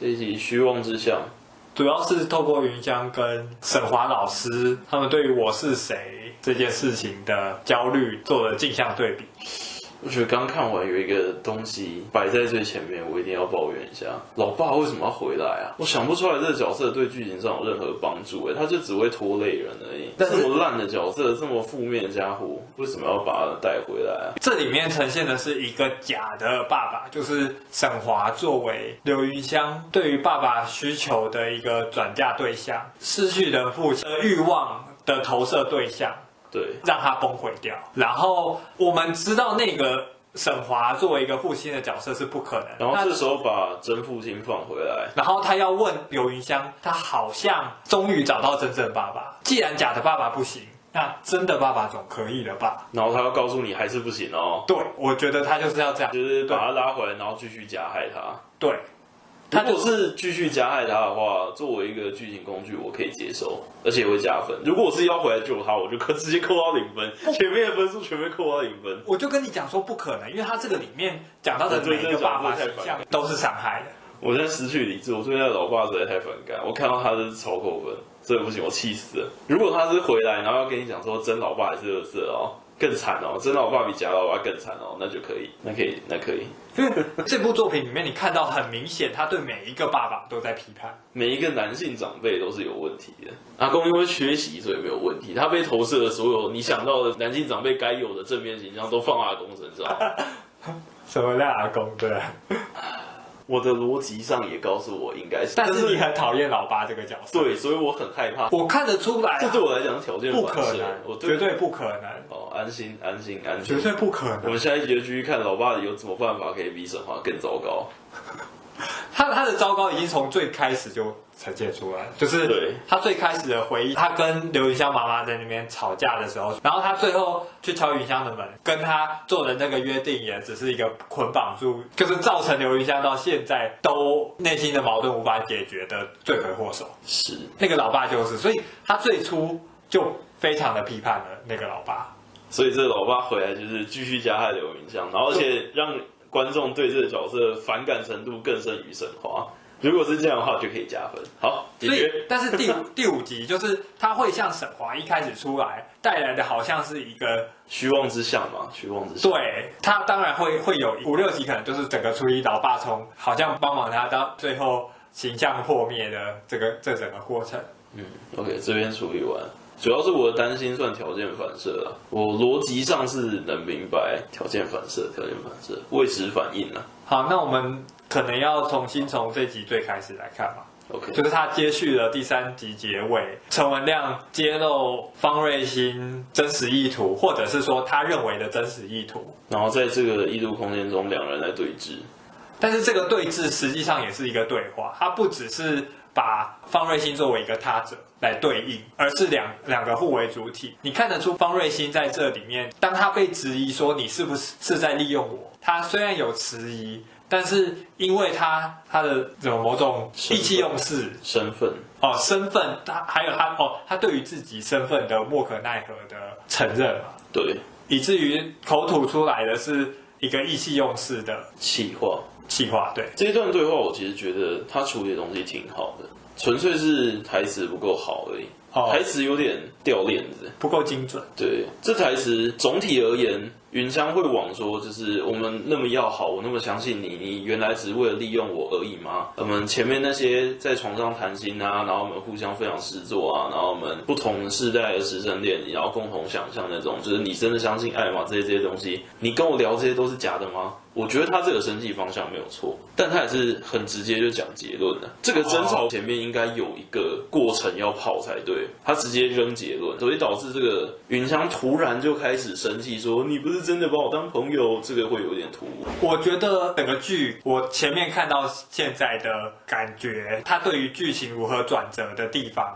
這一集虛妄之相，主要是透過雲香跟沈華老師他們對於我是誰這件事情的焦慮，做了鏡像對比。我覺得剛看完有一個東西擺在最前面，我一定要抱怨一下，老爸為什麼要回來啊？我想不出來這個角色對劇情上有任何幫助，哎，他就只會拖累人而已，但是。這麼爛的角色，這麼負面的家伙，為什麼要把他帶回來啊？這裡面呈現的是一個假的爸爸，就是沈華作為劉雲香對於爸爸需求的一個轉嫁對象，失去的父親的慾望的投射對象。對，讓他崩毀掉。然後我們知道那個沈華作為一個父親的角色是不可能。然後這時候把真父親放回來，就是，然後他要問劉芸香，他好像終於找到真正的爸爸。既然假的爸爸不行，那真的爸爸總可以了吧？然後他要告訴你還是不行哦。對，我覺得他就是要這樣，就是把他拉回來，然後繼續加害他。對。他如果是繼續加害他的話，作為一個劇情工具，我可以接受，而且會加分。如果我是要回來救他，我就可直接扣到零分，前面的分數全被扣到零分。我就跟你講說不可能，因為他這個裡面講到的每一個爸爸形象都是傷害的。我現在失去理智，我最近老爸實在太反感，我看到他是超扣分，所以不行，我氣死了。如果他是回來，然後要跟你講說真老爸還是餓死了哦？更慘哦，真的，我爸比假老爸更慘哦，那就可以，那可以，那可以。 這部作品裡面，你看到很明顯，他對每一個爸爸都在批判，每一個男性長輩都是有問題的。阿公因為缺席，所以沒有問題。他被投射的所有你想到的男性長輩該有的正面形象，都放在阿公身上。 什麼呀，阿公？對。 我的邏輯上也告訴我應該是，但是你還討厭老爸這個角色，對，所以我很害怕。我看得出來，啊，這對我來講條件不可能我，絕對不可能。哦，安心，安心，安心，絕對不可能。我們下一集就繼續看老爸有什麼辦法可以比沈華更糟糕。 他他的糟糕已經從最開始就呈現出來，就是對他最開始的回憶，他跟劉芸香媽媽在那邊吵架的時候，然後他最後去敲芸香的門，跟他做的那個約定也只是一個捆綁住，就是造成劉芸香到現在都內心的矛盾無法解決的罪魁禍首，是那個老爸就是，所以他最初就非常的批判了那個老爸，所以這個老爸回來就是繼續加害劉芸香，然後而且讓。觀眾對這個角色反感程度更甚於沈華，如果是這樣的話就可以加分。好，解決。所以但是第五 第五集就是他會像沈華一開始出來帶來的好像是一個虛妄之相嘛，虛妄之相。對，他當然會會有五六集可能就是整個處理老爸從，好像幫忙他到最後形象破滅的這個這整個過程。嗯，OK，這邊處理完。主要是我的擔心算條件反射了，我邏輯上是能明白條件反射，條件反射、未知反應了。好，那我們可能要重新從這集最開始來看嘛。OK，就是他接續了第三集結尾，陳文亮揭露方瑞欣真實意圖，或者是說他認為的真實意圖，然後在這個異度空間中，兩人來對峙。但是這個對峙實際上也是一個對話，他不只是把方瑞欣作為一個他者。來對應，而是兩兩個互為主體。你看得出方芮欣在這裡面，當他被質疑說你是不是是在利用我，他雖然有遲疑，但是因為他他的有某種意氣用事身份哦，身份，他還有他哦，他對於自己身份的莫可奈何的承認嘛，對，以至於口吐出來的是一個意氣用事的氣話，氣話，對。這一段對話我其實覺得他處理的東西挺好的。純粹是台詞不夠好而已，Oh，台詞有點，掉鏈子不夠精準。對，這台詞總體而言，雲香會往說就是我們那麼要好，我那麼相信你，你原來只是為了利用我而已嗎？我、嗯、們前面那些在床上談心啊，然後我們互相分享詩作啊，然後我們不同世代的師生戀，然後共同想象那種，就是你真的相信愛嗎？這些這些東西，你跟我聊這些都是假的嗎？我覺得他這個生氣方向沒有錯，但他也是很直接就講結論了。這個爭吵前面應該有一個過程要跑才對，他直接扔結。所以導致這個芸香突然就開始生氣說，說你不是真的把我當朋友，這個會有點突兀。我覺得整個劇，我前面看到現在的感覺，他對於劇情如何轉折的地方。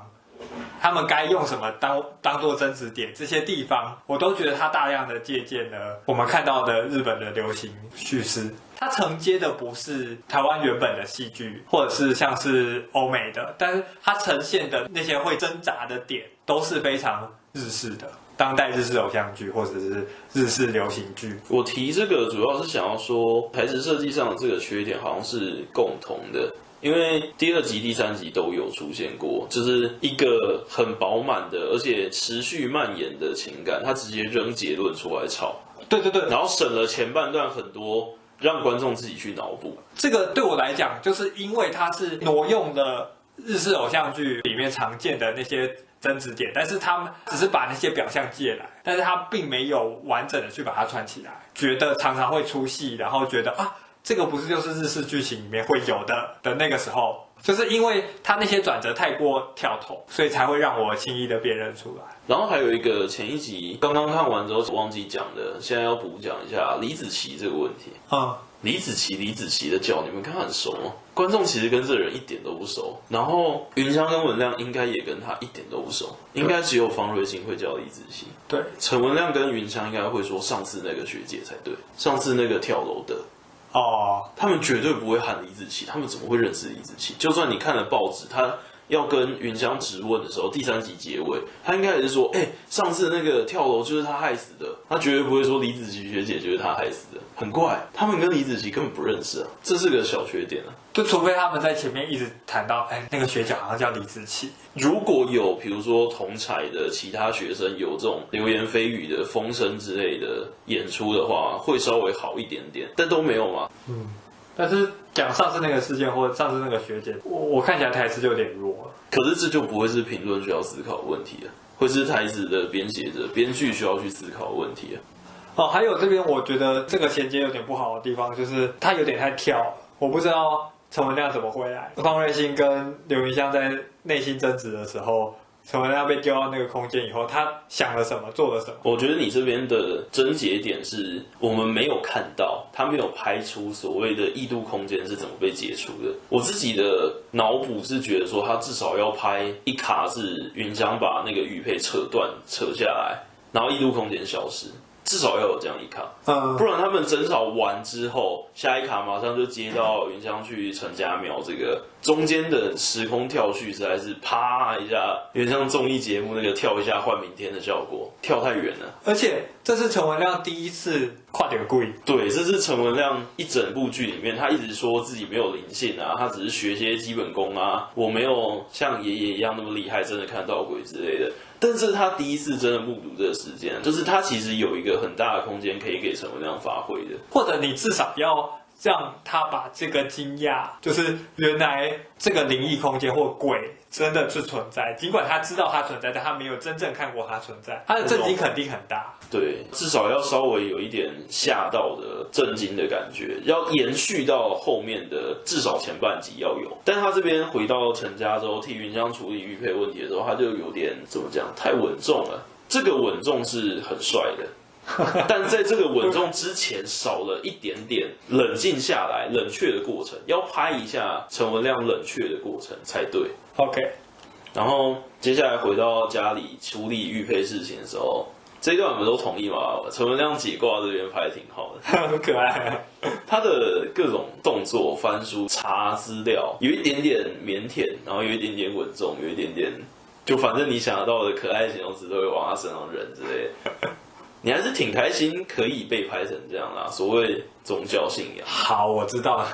他們該用什麼當當做爭執點？這些地方我都覺得它大量的借鑑了我們看到的日本的流行敘事，它承接的不是台灣原本的戲劇，或者是像是歐美的，但是它呈現的那些會掙扎的點都是非常日式的當代日式偶像劇或者是日式流行劇。我提這個主要是想要說台詞設計上的這個缺點好像是共同的。因為第二集、第三集都有出現過，就是一個很飽滿的，而且持續蔓延的情感。他直接扔結論出來吵，對對對，然後省了前半段很多，讓觀眾自己去腦補、嗯。這個對我來講，就是因為它是挪用了日式偶像劇裡面常見的那些爭執點，但是他們只是把那些表象借來，但是他並沒有完整的去把它串起來，覺得常常會出戲，然後覺得啊。這個不是就是日式劇情裡面會有的的那個時候，就是因為他那些轉折太過跳頭，所以才會讓我輕易的辨認出來。然後還有一個前一集剛剛看完之後忘記講的，現在要補講一下李子琪這個問題啊。嗯。李子琪，李子琪的叫你們看很熟嗎？觀眾其實跟這人一點都不熟，然後雲香跟文亮應該也跟他一點都不熟，應該只有方瑞欣會叫李子琪。對，陳文亮跟雲香應該會說上次那個學姐才對，上次那個跳樓的。哦、uh，他們絕對不會喊李子柒，他們怎麼會認識李子柒？就算你看了報紙，他。要跟芸香質問的時候，第三集結尾，他應該也是說，哎、欸，上次那個跳樓就是他害死的，他絕對不會說李子琪學姐就是他害死的，很怪。他們跟李子琪根本不認識啊，這是個小缺點啊，就除非他們在前面一直談到，哎、欸，那個學長好像叫李子琪。如果有比如說同彩的其他學生有這種流言蜚語的風聲之類的演出的話，會稍微好一點點，但都沒有嘛。嗯。但是講上次那個事件或上次那個學姐，我我看起來台詞就有點弱了。可是這就不會是評論需要思考的問題了，會是台詞的編寫者，編劇需要去思考的問題啊。哦，還有這邊我覺得這個銜接有點不好的地方，就是它有點太跳，我不知道陳文亮怎麼回來。方芮欣跟劉芸香在內心爭執的時候。從他被丟到那個空間以後，他想了什麼，做了什麼？我覺得你這邊的症結點是我們沒有看到，他沒有拍出所謂的異度空間是怎麼被解除的。我自己的腦補是覺得說，他至少要拍一卡是云香把那個玉佩扯斷、扯下來，然後異度空間消失，至少要有這樣一卡。嗯，不然他們爭吵完之後，下一卡馬上就接到云香去陳家廟這個。中間的時空跳序實在是啪，一下，有點像綜藝節目那個跳一下換明天的效果，跳太遠了。而且這是陳文亮第一次跨點鬼。對，這是陳文亮一整部劇裡面，他一直說自己沒有靈性啊，他只是學些基本功啊，我沒有像爺爺一樣那麼厲害，真的看到鬼之類的。但是他第一次真的目睹這個事件，就是他其實有一個很大的空間可以給陳文亮發揮的，或者你至少要。讓他把這個驚訝，就是原來這個靈異空間或鬼真的是存在，儘管他知道他存在，但他沒有真正看過他存在。他的震驚肯定很大，對，至少要稍微有一點嚇到的震驚的感覺，要延續到後面的，至少前半集要有。但他這邊回到陳家之後，替雲香處理玉佩問題的時候，他就有點怎麼講，太穩重了。這個穩重是很帥的。 但在這個穩重之前，少了一點點冷靜下來、冷卻的過程，要拍一下陳文亮冷卻的過程才對。OK，然後接下來回到家裡處理玉佩事情的時候，這一段我們都同意嘛？陳文亮解掛這邊拍挺好的，很可愛。他的各種動作、翻書、查資料，有一點點靦腆，然後有一點點穩重，有一點點，就反正你想得到的可愛形容詞都會往他身上扔之類。你還是挺開心，可以被拍成這樣啦、啊。所謂宗教信仰，好，我知道了。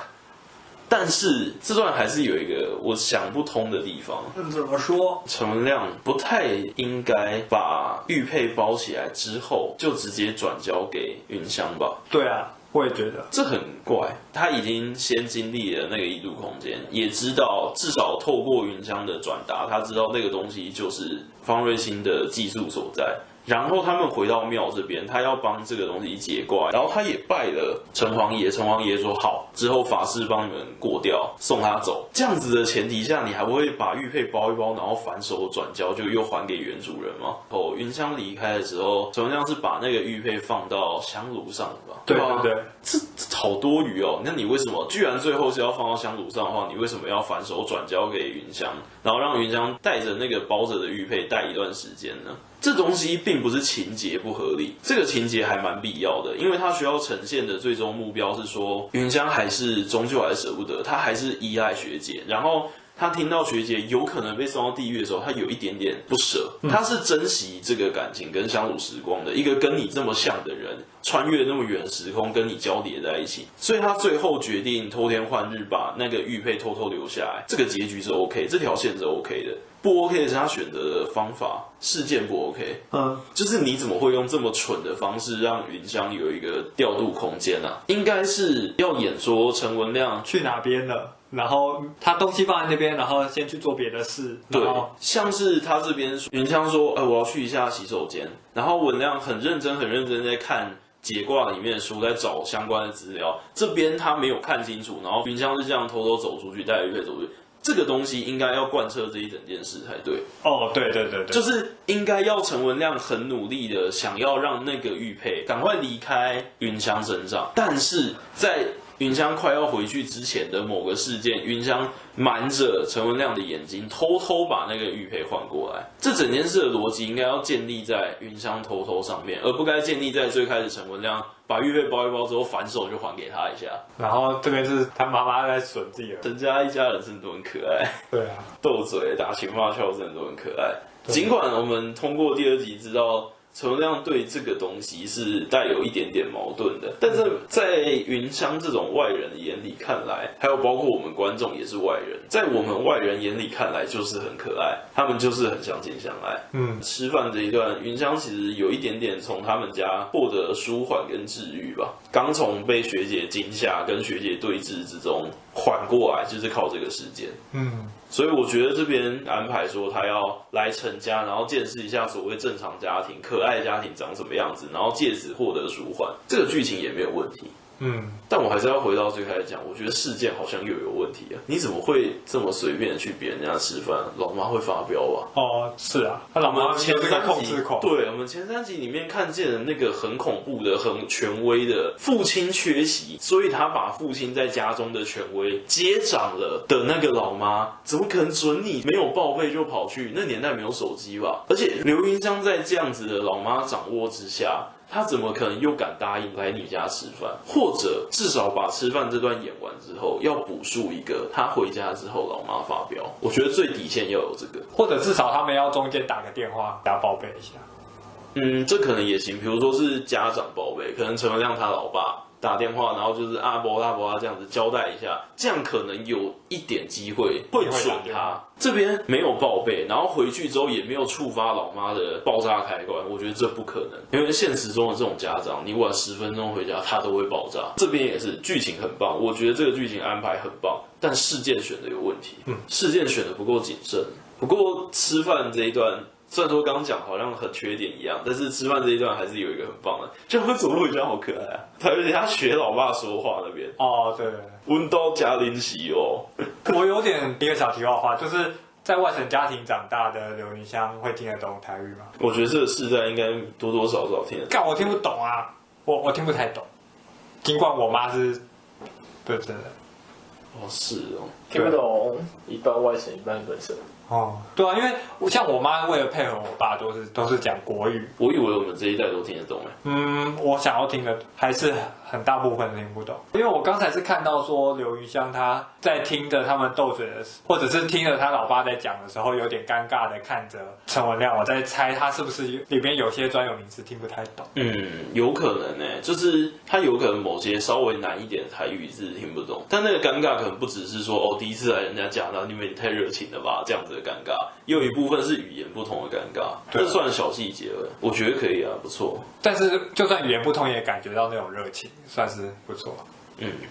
但是這段還是有一個我想不通的地方。怎麼說？陳文亮不太應該把玉佩包起來之後就直接轉交給芸香吧？對啊，我也覺得這很怪。他已經先經歷了那個異度空間，也知道至少透過芸香的轉達，他知道那個東西就是方芮欣的技術所在。然後他們回到廟這邊，他要幫這個東西解卦，然後他也拜了城隍爺。城隍爺說好之後，法師幫你們過掉，送他走。這樣子的前提下，你還不會把玉佩包一包，然後反手轉交，就又還給原主人嗎？哦，云香離開的時候，云香是把那個玉佩放到香爐上吧？對對對，對，這，這好多餘哦。那你為什麼既然最後是要放到香爐上的話，你為什麼要反手轉交給云香，然後讓云香帶着那個包着的玉佩帶一段時間呢？這東西並不是情節，不合理，這個情節還蠻必要的，因為他需要呈現的最終目標是說，芸香還是終究還是捨不得，他還是依賴學姐，然後。他聽到學姐有可能被送到地獄的時候，他有一點點不捨。他是珍惜這個感情跟相處時光的。一個跟你這麼像的人，穿越那麼遠時空跟你交疊在一起，所以他最後決定偷天換日，把那個玉佩偷偷偷留下來。這個結局是 OK，這條線是 OK 的。不 OK 的是他選擇的方法、事件不 OK。嗯，就是你怎麼會用這麼蠢的方式讓雲香有一個調度空間啊？應該是要演說陳文亮去哪邊了。然後他東西放在那邊，然後先去做別的事。對，像是他這邊雲香說、呃：“我要去一下洗手間。”然後文亮很認真、很認真在看解卦裡面的書，在找相關的資料。這邊他沒有看清楚，然後雲香是這樣偷偷走出去帶玉佩走出去。這個東西應該要貫徹這一整件事才對。哦，對，對對對，就是應該要陳文亮很努力的，想要讓那個玉佩趕快離開雲香身上，但是在，雲香快要回去之前的某個事件，雲香瞞着陳文亮的眼睛，偷偷把那個玉佩換過來。這整件事的邏輯應該要建立在雲香偷偷上面，而不該建立在最開始陳文亮把玉佩包一包之後反手就還給他一下。然後這邊是他媽媽在損自己，陳家一家人真的都很可愛。對啊，鬥嘴、打情罵俏，真的都很可愛。儘管我們通過第二集知道。陳亮對這個東西是帶有一點點矛盾的，但是在芸香這種外人的眼裡看來，還有包括我們觀眾也是外人，在我們外人眼裡看來就是很可愛，他們就是很相親相愛。嗯，吃飯這一段，芸香其實有一點點從他們家獲得舒緩跟治癒吧，剛從被學姐驚嚇、跟學姐對峙之中。緩過來就是靠這個時間，嗯，所以我覺得這邊安排說他要來成家，然後見識一下所謂正常家庭、可愛家庭長什麼樣子，然後借此獲得舒緩，這個劇情也沒有問題。嗯，但我還是要回到最開始講，我覺得事件好像又有，有問題啊！你怎麼會這麼隨便去別人家吃飯？老媽會發飆吧？哦，是啊，他老媽前三集對，我們前三集裡面看見的那個很恐怖的、很權威的父親缺席，所以他把父親在家中的權威接掌了的那個老媽，怎麼可能准你沒有報備就跑去？那年代沒有手機吧？而且劉芸香在這樣子的老媽掌握之下。他怎麼可能又敢答應來你家吃飯？或者至少把吃飯這段演完之後，要補述一個他回家之後老媽發飆。我覺得最底線要有這個，或者至少他們要中間打個電話打報備一下。嗯，這可能也行。比如說是家長報備，可能陳文亮他老爸。打電話，然後就是阿波拉伯拉這樣子交代一下，這樣可能有一點機會會損他。這邊沒有報備，然後回去之後也沒有觸發老媽的爆炸開關，我覺得這不可能，因為現實中的這種家長，你晚十分鐘回家，他都會爆炸。這邊也是劇情很棒，我覺得這個劇情安排很棒，但事件選的有問題，事件選的不夠謹慎。不過吃飯這一段。雖然說剛剛講好像很缺點一樣，但是吃飯這一段還是有一個很棒的，就走路比較好可愛啊。還有人家學老爸說話那邊、oh, 哦，對，溫多加零喜哦。我有點一個小題外話，就是在外省家庭長大的劉芸香會聽得懂台語嗎？我覺得這個世代應該多多少少聽得懂。但我聽不懂啊，我我聽不太懂，儘管我媽是，對不對,對，哦、oh, 是哦，聽不懂，一半外省一半本省。哦，對啊，因為像我媽為了配合我爸，都是都是講國語。我以為我們這一代都聽得懂誒。嗯，我想要聽的還是。很大部分聽不懂，因為我剛才是看到說劉瑜香他在聽着他們鬥嘴的時候，或者是聽着他老爸在講的時候，有點尷尬的看着陳文亮。我在猜他是不是裡邊有些專有名詞聽不太懂？嗯，有可能呢、欸，就是他有可能某些稍微難一點的台語字聽不懂，但那個尷尬可能不只是說哦，第一次來，人家講到你們也太熱情了吧，這樣子的尷尬，也有一部分是語言不同的尷尬，這算小細節了。我覺得可以啊，不錯。但是就算語言不通，也感覺到那種熱情。算是不錯、啊，嗯。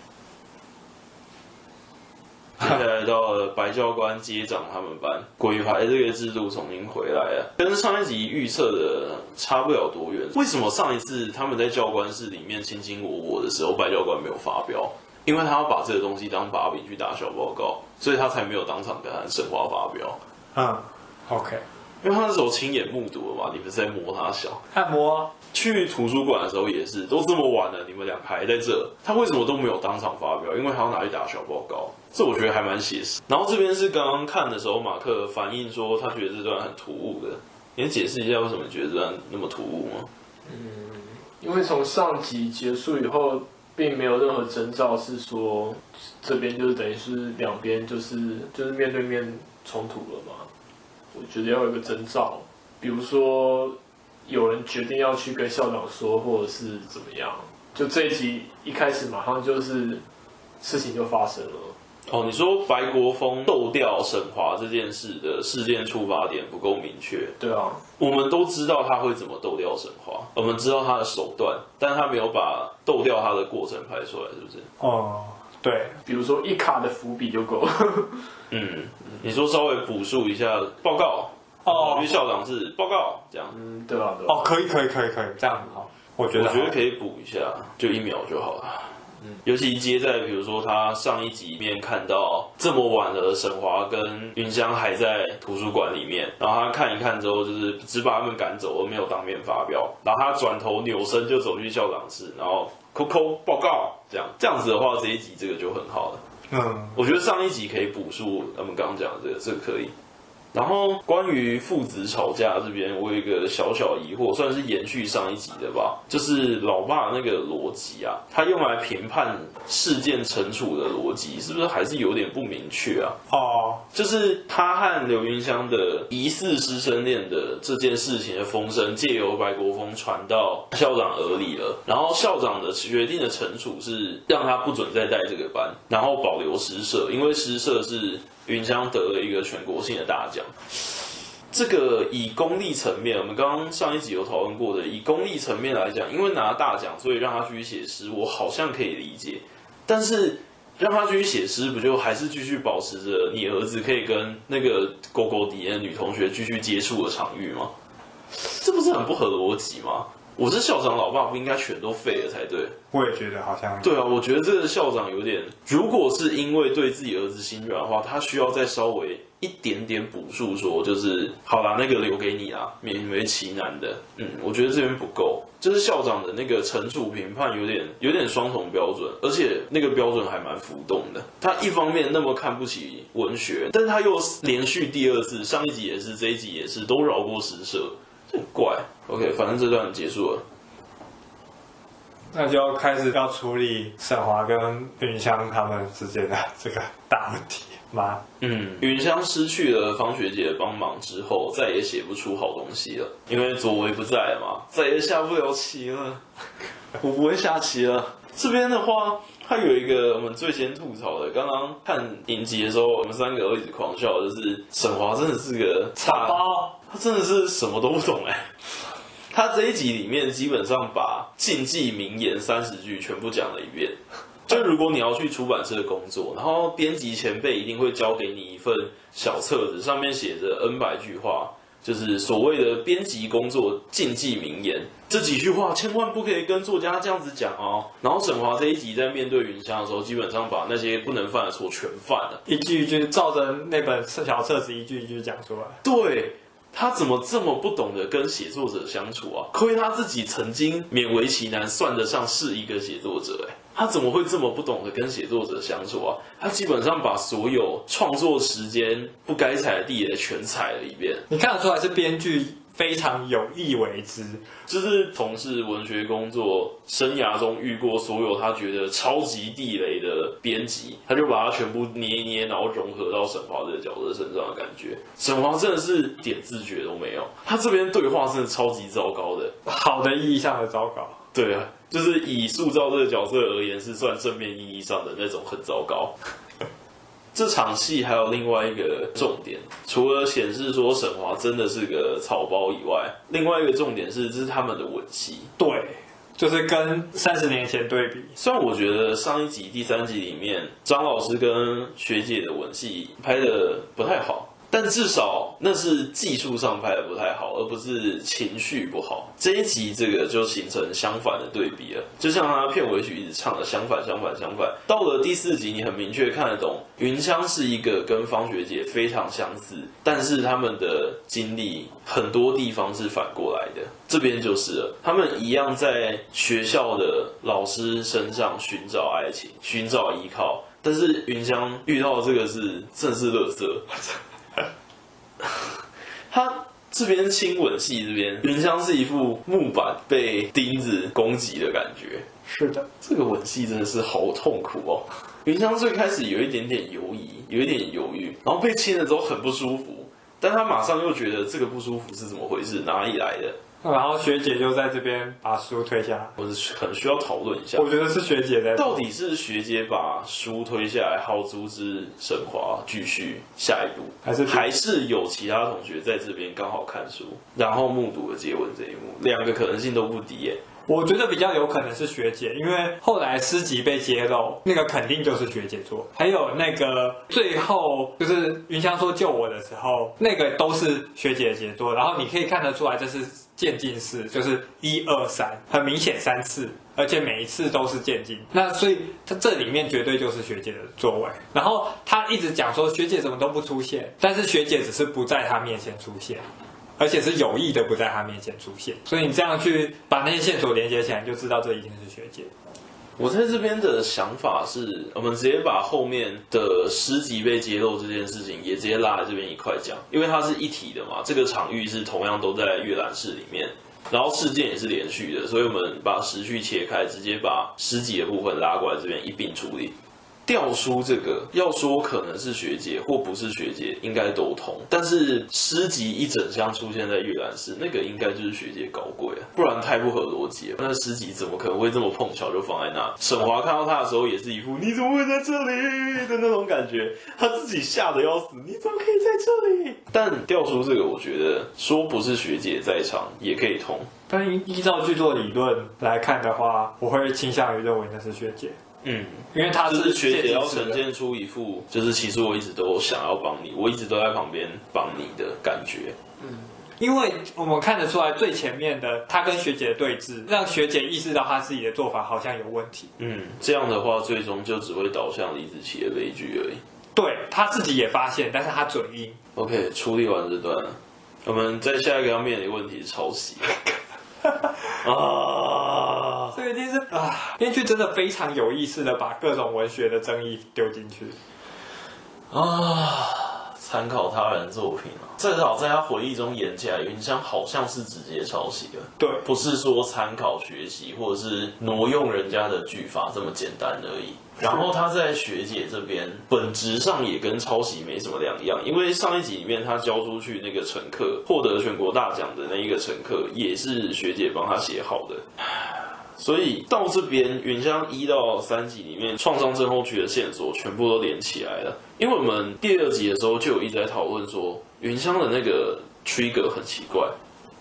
接下來到了白教官接掌他們班，鬼牌這個制度重新回來了，跟上一集預測的差不了多遠。為什麼上一次他們在教官室裡面卿卿我我的時候，白教官沒有發飆？因為他要把這個東西當把柄去打小報告，所以他才沒有當場跟他沈華發飆。嗯，OK。因為他那時候親眼目睹了嘛，你們是在摸他小按摩。去圖書館的時候也是，都這麼晚了，你們倆還在這，他為什麼都沒有當場發表？因為他要拿去打小報告。這我覺得還蠻寫實。然後這邊是剛剛看的時候，馬克反映說他覺得這段很突兀的，你能解釋一下為什麼覺得這段那麼突兀嗎？嗯，因為從上集結束以後，並沒有任何徵兆是說這邊就是等於是兩邊就是就是面對面衝突了嘛。我覺得要有一個徵兆，比如說有人決定要去跟校長說，或者是怎麼樣。就這一集一開始，馬上就是事情就發生了。哦，你說白國鋒鬥掉沈華這件事的事件出發點不夠明確。對啊，我們都知道他會怎麼鬥掉沈華，我們知道他的手段，但他沒有把鬥掉他的過程拍出來，是不是？哦。對，比如說一卡的伏筆就夠了。嗯，你說稍微補述一下報告哦，去校長室報告這樣，嗯、對吧、啊對？啊、哦，可以可以可以可以，這樣很好。我覺得我覺得可以補一下，就一秒就好了。嗯，尤其接在比如說他上一集面，看到這麼晚了沈華跟芸香還在圖書館裡面，然後他看一看之後，就是只把他們趕走而沒有當面發表。然後他轉頭扭身就走去校長室，然後。扣扣報告，這樣，這樣子的話，這一集這個就很好了。嗯，我覺得上一集可以補述他們剛剛講的這個，這個可以。然後關於父子吵架這邊，我有一個小小疑惑，算是延續上一集的吧，就是老爸那個邏輯啊，他用來評判事件懲處的邏輯，是不是還是有點不明確啊？哦、oh.，就是他和劉雲香的疑似師生戀的這件事情的風聲，借由白國鋒傳到校長耳裡了，然後校長的決定的懲處是讓他不准再帶這個班，然後保留詩社，因為詩社是。雲江得了一個全國性的大獎，這個以功利層面，我們剛剛上一集有討論過的，以功利層面來講，因為拿大獎，所以讓他繼續寫詩，我好像可以理解。但是讓他繼續寫詩，不就還是繼續保持着你兒子可以跟那個勾勾鼻的女同學繼續接觸的場域嗎？這不是很不合邏輯嗎？我這校長老爸，不應該全都廢了才對。我也覺得好像對啊，我覺得這個校長有點，如果是因為對自己兒子心軟的話，他需要再稍微一點點補述，說就是好了，那個留給你啊，勉為其難的。嗯，我覺得這邊不夠，就是校長的那個懲處評判有點有點雙重標準，而且那個標準還蠻浮動的。他一方面那麼看不起文學，但是他又連續第二次，上一集也是，這一集也是，都饒過詩社。很怪。OK，反正這段結束了，那就要開始要處理沈華跟芸香他們之間的這個大問題嗎？嗯，芸香失去了方學姐的幫忙之後，再也寫不出好東西了，因為佐為不在嘛，再也下不了棋了。 我不會下棋了。這邊的話，還有一個我們最先吐槽的，剛剛看影集的時候，我們三個都一直狂笑，就是沈華真的是個傻包，他真的是什麼都不懂哎、欸。他這一集裡面基本上把禁忌名言三十句全部講了一遍。就如果你要去出版社的工作，然後編輯前輩一定會交給你一份小冊子，上面寫着 N 百句話，就是所謂的編輯工作禁忌名言。這幾句話千萬不可以跟作家這樣子講哦。然後沈華這一集在面對云香的時候，基本上把那些不能犯的錯全犯了，一句一句照着那本小冊子一句一句講出來。對。他怎麼這麼不懂得跟寫作者相處啊？虧他自己曾經勉為其難，算得上是一個寫作者，欸、他怎麼會這麼不懂得跟寫作者相處啊？他基本上把所有創作時間不該踩的地雷全踩了一遍，你看得出來是編劇。非常有意為之，就是從事文學工作生涯中遇過所有他覺得超級地雷的編輯，他就把它全部捏一捏，然後融合到沈華這個角色身上的感覺。沈華真的是一點自覺都沒有，他這邊對話真的超級糟糕的，好的意義上的糟糕。對啊，就是以塑造這個角色而言，是算正面意義上的那種很糟糕。 這場戲還有另外一個重點，除了顯示說沈華真的是個草包以外，另外一個重點是這是他們的吻戲。對，就是跟三十年前對比。雖然我覺得上一集第三集裡面張老師跟學姐的吻戲拍得不太好。但至少那是技術上拍得不太好，而不是情緒不好。這一集這個就形成相反的對比了，就像他片尾曲一直唱的“相反，相反，相反”。到了第四集，你很明確看得懂，芸香是一個跟方學姐非常相似，但是他們的經歷很多地方是反過來的。這邊就是了，他們一樣在學校的老師身上尋找愛情，尋找依靠，但是芸香遇到的這個是正是樂色。 他這邊親吻戲，這邊雲香是一副木板被釘子攻擊的感覺。是的，這個吻戲真的是好痛苦哦。雲香最開始有一點點猶疑，有一點猶豫，然後被親了之後很不舒服，但他馬上又覺得這個不舒服是怎麼回事，哪裡來的？然後學姐就在這邊把書推下來，我是，可能需要討論一下。我覺得是學姐在這邊，到底是學姐把書推下來，好阻止沈華繼續下一步，還是還是有其他同學在這邊剛好看書，嗯、然後目睹了接吻這一幕，兩個可能性都不低耶。我覺得比較有可能是學姐，因為後來詩集被揭露，那個肯定就是學姐做。還有那個最後就是雲香說救我的時候，那個都是學姐的傑作。然後你可以看得出來，這是。漸進式就是一二三，很明顯三次，而且每一次都是漸進。那所以他這裡面絕對就是學姐的座位。然後他一直講說學姐怎麼都不出現，但是學姐只是不在他面前出現，而且是有意的不在他面前出現。所以你這樣去把那些線索連接起來，就知道這一定是學姐。我在這邊的想法是，我們直接把後面的詩集被揭露這件事情也直接拉來這邊一塊講，因為它是一體的嘛。這個場域是同樣都在閱覽室裡面，然後事件也是連續的，所以我們把時序切開，直接把詩集的部分拉過來這邊一併處理。掉書這個要說可能是學姐或不是學姐應該都通，但是詩集一整箱出現在閱覽室，那個應該就是學姐搞鬼啊，不然太不合邏輯了。那詩集怎麼可能會這麼碰巧就放在那？沈華看到他的時候也是一副你怎麼會在這裡的那種感覺，他自己嚇得要死，你怎麼可以在這裡？但掉書這個我覺得說不是學姐在場也可以通，但依照劇作理論來看的話，我會傾向於認為那是學姐。嗯，因為他是，是學姐要呈現出一副，就是其實我一直都想要幫你，我一直都在旁邊幫你的感覺。嗯，因為我們看得出來最前面的他跟學姐對峙，讓學姐意識到他自己的做法好像有問題。嗯，這樣的話最終就只會導向李子琪的悲劇而已。對，他自己也發現，但是他嘴硬。OK，處理完這段，我們在下一個要面臨問題是抄襲。 啊。這個電視啊，編劇真的非常有意思地把各種文學的爭議丟進去啊。參考他人作品啊，至少在他回憶中演起來，芸香好像是直接抄襲的。對，不是說參考學習或者是挪用人家的句法這麼簡單而已。然後他在學姐這邊，本質上也跟抄襲沒什麼兩樣，因為上一集裡面他交出去那個乘客，獲得全國大獎的那一個乘客，也是學姐幫他寫好的。嗯。所以到這邊，云香一到三集裡面創傷症候群的線索全部都連起來了。因為我們第二集的時候就有一直在討論說，云香的那個 trigger 很奇怪，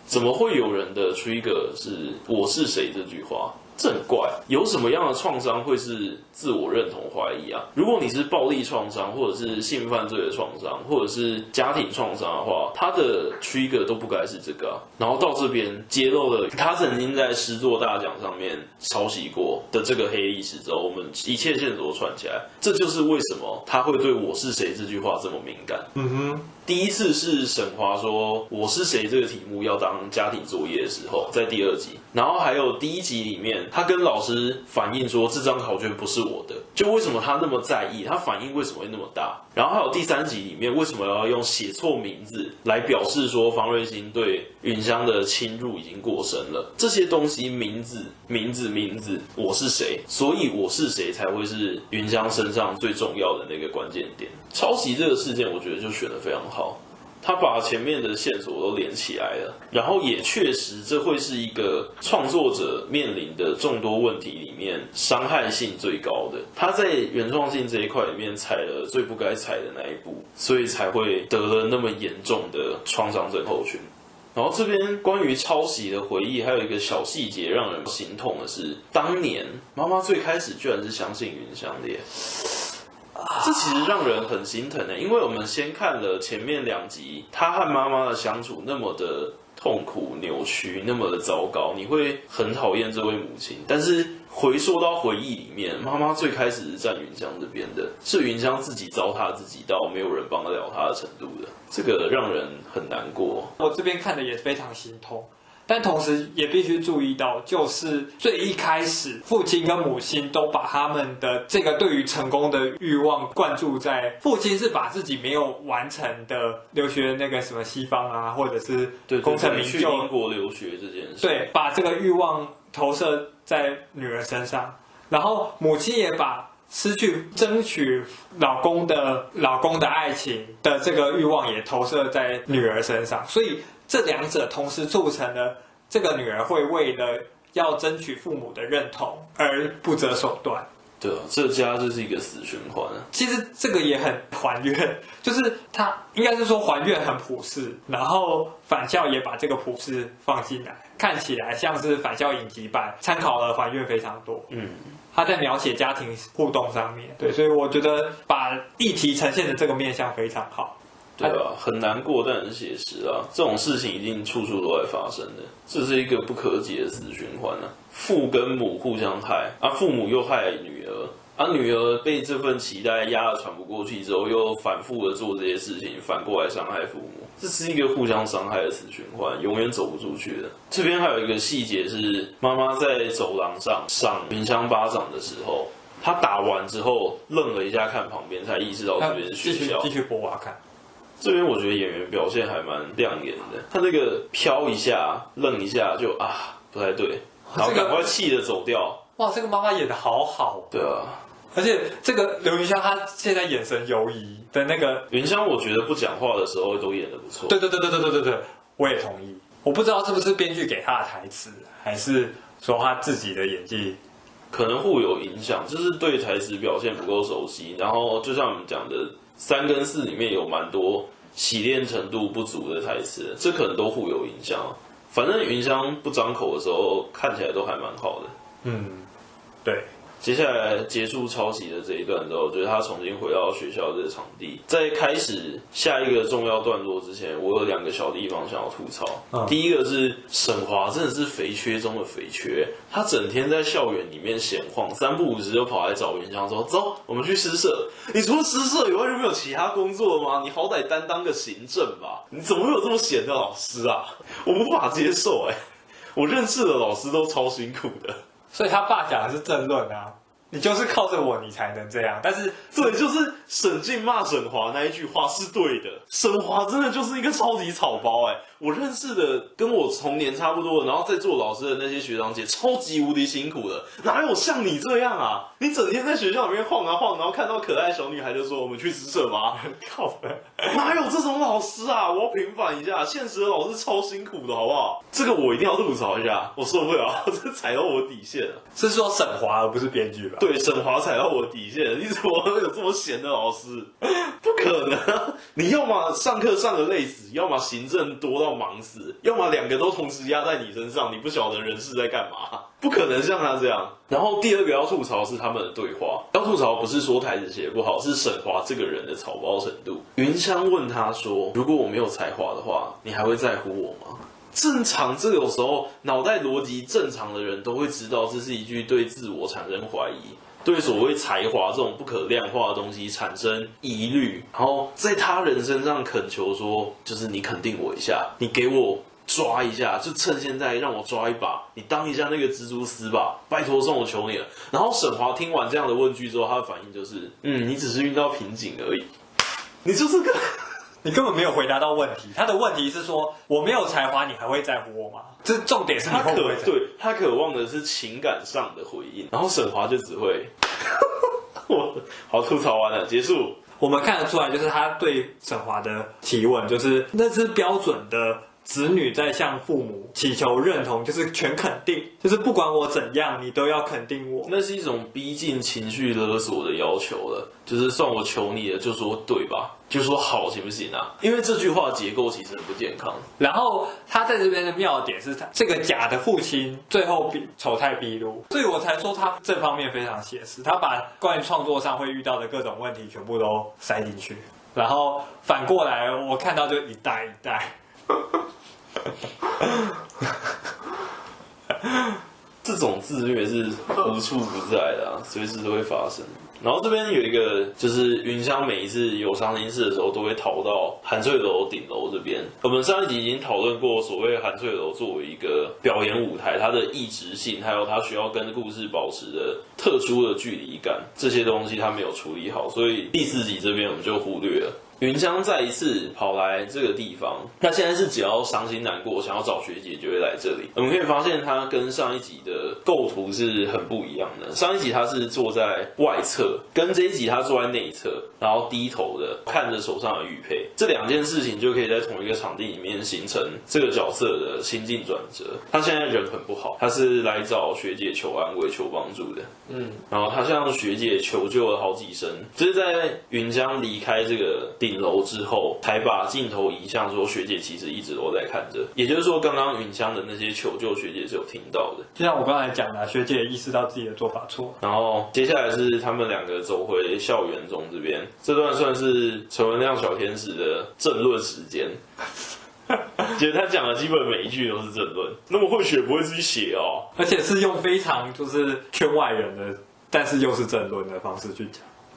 怎麼會有人的 trigger 是“我是誰”這句話？這很怪啊，有什麼樣的創傷會是自我認同懷疑啊？如果你是暴力創傷，或者是性犯罪的創傷，或者是家庭創傷的話，他的 trigger 都不該是這個啊。然後到這邊揭露了他曾經在詩作大獎上面抄襲過的這個黑歷史之後，我們一切線索都串起來，這就是為什麼他會對我是誰這句話這麼敏感。嗯哼，第一次是沈華說“我是誰”這個題目要當家庭作業的時候，在第二集，然後還有第一集裡面。他跟老師反映說這張考卷不是我的，就為什麼他那麼在意，他反應為什麼會那麼大？然後還有第三集裡面為什麼要用寫錯名字來表示說方芮欣對芸香的侵入已經過深了？這些東西名字、名字、名字，名字我是誰？所以我是誰才會是芸香身上最重要的那個關鍵點？抄襲這個事件，我覺得就選得非常好。他把前面的線索都連起來了，然後也確實，這會是一個創作者面臨的眾多問題裡面傷害性最高的。他在原創性這一塊裡面踩了最不該踩的那一步，所以才會得了那麼嚴重的創傷症候群。然後這邊關於抄襲的回憶，還有一個小細節讓人心痛的是，當年媽媽最開始居然是相信云相烈。這其實讓人很心疼的，因為我們先看了前面兩集，他和媽媽的相處那麼的痛苦，扭曲，那麼的糟糕，你會很討厭這位母親。但是回溯到回憶裡面，媽媽最開始是站芸香這邊的，是芸香自己糟蹋自己到沒有人幫得了他的程度的，這個讓人很難過。我這邊看的也非常心痛。但同時，也必須注意到，就是最一開始，父親跟母親都把他們的這個對於成功的欲望灌注在父親是把自己沒有完成的留學那個什麼西方啊，或者是功成名就英國留學這件事，對，把這個欲望投射在女兒身上，然後母親也把失去爭取老公的老公的愛情的這個欲望也投射在女兒身上，所以。這兩者同時促成了這個女兒會為了要爭取父母的認同而不擇手段。對，這家就是一個死循環。其實這個也很還願，就是他應該是說還願很普世，然後返校也把這個普世放進來，看起來像是返校影集版，參考了還願非常多。嗯，他在描寫家庭互動上面，對，所以我覺得把議題呈現的這個面向非常好。欸、對吧？很難過，但很寫實啊！這種事情一定處處都在發生的，這是一個不可解的死循環啊！父跟母互相害，啊，父母又害女兒，啊，女兒被這份期待壓得喘不過氣之後，又反復的做這些事情，反過來傷害父母，這是一個互相傷害的死循環，永遠走不出去的。這邊還有一個細節是，媽媽在走廊上賞芸香巴掌的時候，她打完之後愣了一下，看旁邊才意識到這邊需要繼續播，娃看。這邊我覺得演員表現還蠻亮眼的，他那個飄一下、愣一下就啊不太對，啊這個、然後趕快氣的走掉。哇，這個媽媽演的好好。對啊，而且這個劉雲香她現在眼神游移的那個。雲香我覺得不講話的時候都演的不錯。對對對對,對，我也同意。我不知道是不是編劇給他的台詞，還是說他自己的演技可能會有影響，就是對台詞表現不夠熟悉。然後就像我們講的。三跟四裡面有蠻多洗練程度不足的台詞，這可能都互有影響啊。反正云香不張口的時候，看起來都還蠻好的。嗯，對。接下來結束抄襲的這一段之後，我覺得他重新回到學校這個場地，在開始下一個重要段落之前，我有兩個小地方想要吐槽。嗯、第一個是沈華真的是肥缺中的肥缺，他整天在校園裡面閒晃，三不五時就跑來找芸香，說：“走，我們去詩社。”你除了詩社以外就沒有其他工作嗎？你好歹擔當個行政吧？你怎麼會有這麼閒的老師啊？我無法接受哎、欸，我認識的老師都超辛苦的。所以他爸講的是正論啊。你就是靠着我，你才能這樣。但是對，就是沈靜罵沈華那一句話是對的。沈華真的就是一個超級草包哎、欸！我認識的跟我童年差不多，然後在做老師的那些學長姐，超級無敵辛苦的，哪有像你這樣啊？你整天在學校裡面晃啊晃，然後看到可愛小女孩就說我們去吃舍吧，靠！哪有這種老師啊？我要平反一下，現實的老師超辛苦的，好不好？這個我一定要吐槽一下，我受不了， 這踩到我底線了、啊。這是說沈華而不是編劇了。對沈華踩到我的底線，你怎麼會有這麼閒的老師？不可能，你要麼上課上得累死，要麼行政多到忙死，要麼兩個都同時壓在你身上，你不曉得人事在幹嘛？不可能像他這樣。然後第二個要吐槽是他們的對話，要吐槽不是說台詞寫不好，是沈華這個人的草包程度。芸香問他說：“如果我沒有才華的話，你還會在乎我嗎？”正常，這個時候腦袋邏輯正常的人都會知道，這是一句對自我產生懷疑，對所謂才華這種不可量化的東西產生疑慮，然後在他人身上懇求說，就是你肯定我一下，你給我抓一下，就趁現在讓我抓一把，你當一下那個蜘蛛絲吧，拜託，算我求你了。然後沈華聽完這樣的問句之後，他的反應就是，嗯，你只是遇到瓶頸而已，你就是個。你根本沒有回答到問題，他的問題是說我沒有才華，你還會在乎我嗎？這重點是他渴，對，他渴望的是情感上的回應，然後沈華就只會，我 好吐槽完了，結束。我們看得出來，就是他對沈華的提問，就是那是標準的。子女在向父母祈求認同，就是全肯定，就是不管我怎樣，你都要肯定我。那是一種逼近情緒勒索的要求了，就是算我求你了，就說對吧？就說好行不行啊？因為這句話結構其實很不健康。然後他在這邊的妙點是他這個假的父親最後醜態畢露，所以我才說他這方面非常寫實。他把關於創作上會遇到的各種問題全部都塞進去，然後反過來我看到就一代一代。 這種自虐是無處不在的啊，隨時都會發生。然後這邊有一個，就是雲香每一次有傷心事的時候，都會逃到韓翠樓頂樓這邊。我們上一集已經討論過，所謂韓翠樓作為一個表演舞台，它的異質性，還有它需要跟故事保持的特殊的距離感，這些東西它沒有處理好，所以第四集這邊我們就忽略了。芸香再一次跑來這個地方，他現在是只要傷心難過，想要找學姐就會來這裡。我們可以發現，他跟上一集的構圖是很不一樣的。上一集他是坐在外側，跟這一集他坐在內側，然後低頭的看着手上的玉佩。這兩件事情就可以在同一個場地裡面形成這個角色的心境轉折。他現在人很不好，他是來找學姐求安慰、求幫助的。嗯，然後他向學姐求救了好幾聲，這、就是在芸香離開這個頂樓之後才把鏡頭移向，說學姐其實一直都在看着，也就是說剛剛雲香的那些求救，學姐是有聽到的。就像我剛才講的，啊，學姐意識到自己的做法錯，然後接下來是他們兩個走回校園中這邊，這段算是陳文亮小天使的政論時間。 其實他講的基本每一句都是政論， 那麼混血不會去寫哦，而且是用非常就是圈外人的，但是又是政論的方式去講。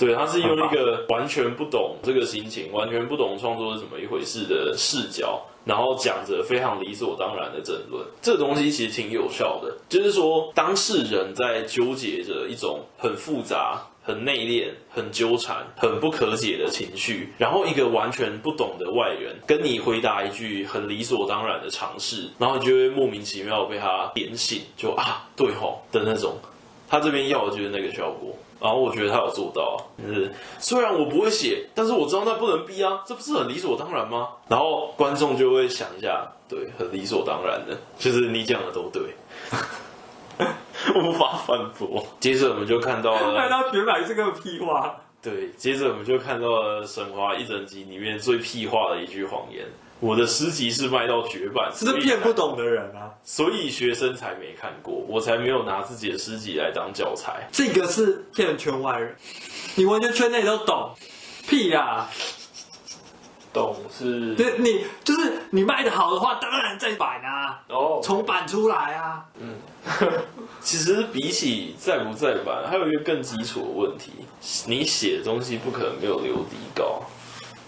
對，他是用一個完全不懂這個心情、完全不懂創作是怎麼一回事的視角，然後講着非常理所當然的正論。這個東西其實挺有效的，就是說當事人在糾結着一種很複雜、很內斂、很糾纏、很不可解的情緒，然後一個完全不懂的外人跟你回答一句很理所當然的嘗試，然後你就會莫名其妙被他點醒，就啊，對吼的那種。他這邊要的就是那個效果。然後我覺得他有做到，就是雖然我不會寫，但是我知道那不能逼啊，這不是很理所當然嗎？然後觀眾就會想一下，對，很理所當然的，就是你講的都對， 無法反駁。接着我們就看到了原來這個屁話，對，接着我們就看到了神話一整集裡面最屁話的一句謊言。我的詩集是賣到絕版，這是騙不懂的人啊，所以學生才沒看過，我才沒有拿自己的詩集來當教材。這個是騙圈外人，你完全圈內都懂，屁啦，懂是，你你就是你賣得好的話，當然再版啊，哦、oh, okay.，重版出來啊。嗯， 其實比起在不在版，還有一個更基礎的問題，你寫的東西不可能沒有留底稿。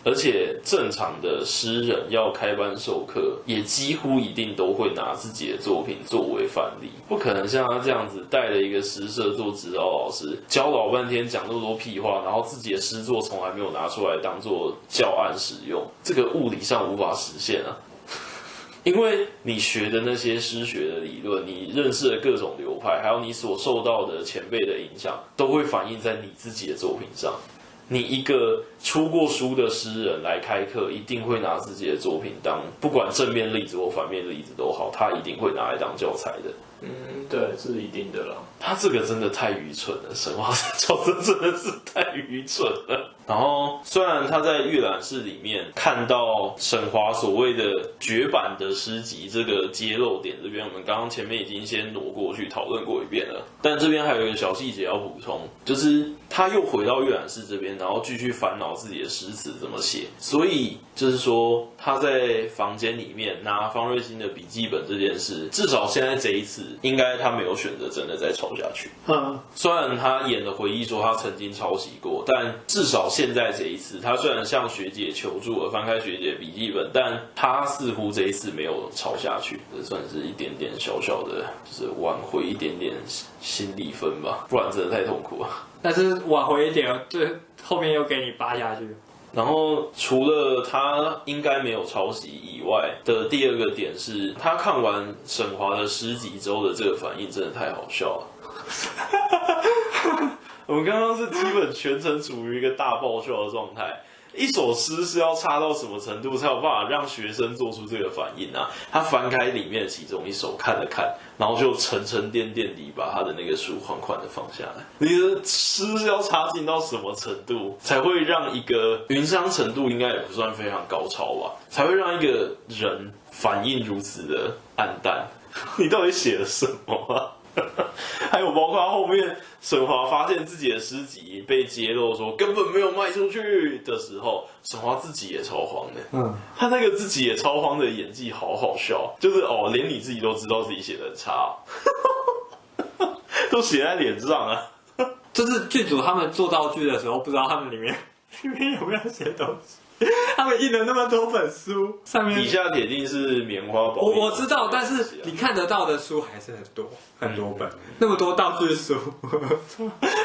而且正常的詩人要開班授課，也幾乎一定都會拿自己的作品作為範例，不可能像他這樣子帶了一個詩社做指導老師，教老半天講那麼多屁話，然後自己的詩作從來沒有拿出來當做教案使用，這個物理上無法實現啊！因為你學的那些詩學的理論，你認識的各種流派，還有你所受到的前輩的影響，都會反映在你自己的作品上。你一個出過書的詩人來開課，一定會拿自己的作品當，不管正面例子或反面例子都好，他一定會拿來當教材的。嗯，對，是一定的啦。他這個真的太愚蠢了，沈華這操作真的是太愚蠢了。然後，雖然他在閱覽室裡面看到沈華所謂的絕版的詩集這個揭露點這邊，我們剛剛前面已經先挪過去討論過一遍了。但這邊還有一個小細節要補充，就是他又回到閱覽室這邊，然後繼續煩惱自己的詩詞怎麼寫。所以就是說他在房間裡面拿方瑞欣的筆記本這件事，至少現在這一次。應該他沒有選擇真的再抄下去。嗯，雖然他演的回憶說他曾經抄襲過，但至少現在這一次，他雖然向學姐求助了，翻開學姐筆記本，但他似乎這一次沒有抄下去，這算是一點點小小的，就是挽回一點點心理分吧。不然真的太痛苦了。但是挽回一點，就後面又給你扒下去。然後，除了他應該沒有抄襲以外的第二個點是，他看完沈華的詩集之後的這個反應真的太好笑了 我們剛剛是基本全程處於一個大爆笑的狀態。一首詩是要差到什麼程度才有辦法讓學生做出這個反應啊，他翻開裡面其中一首看了看，然後就沉沉甸甸地把他的那個書款款的放下來。你的詩是要差勁到什麼程度才會讓一個雲商程度應該也不算非常高超吧，才會讓一個人反應如此的暗淡？你到底寫了什麼啊？ 還有包括後面沈華發現自己的詩集被揭露，說根本沒有賣出去的時候，沈華自己也超慌的。嗯，他那個自己也超慌的演技好好笑，就是哦，連你自己都知道自己寫的差，都寫在臉上啊。就是劇組他們做道具的時候，不知道他們裡面裡面有沒有寫東西。他們印了那麼多本書，上面底下鐵定是棉花我、嗯哦、我知道，但是你看得到的書還是很多很多本，嗯、那麼多道具書呵呵，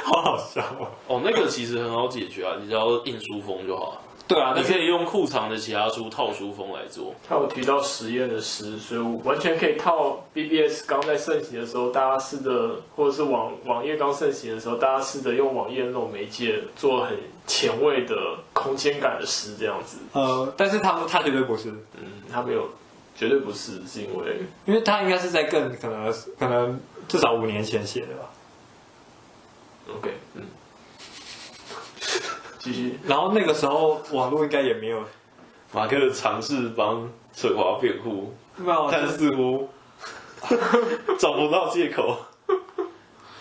好好笑、啊、笑哦。那個其實很好解決啊，你只要印書封就好了。對啊，Okay. 你可以用褲長的其他書套書風來做。他有提到實驗的詩，所以我完全可以套 BBS。剛在盛行的時候，大家試着，或者是網網頁剛盛行的時候，大家試着用網頁那種媒介做很前衛的空間感的詩，這樣子。呃，但是他們他絕對不是，嗯，他沒有，絕對不是，是因為，因為他應該是在更可能，可能至少五年前寫的吧。OK，嗯。繼續，然後那個時候網絡應該也沒有，馬克嘗試幫翠華辯護，但是似乎 找不到借口。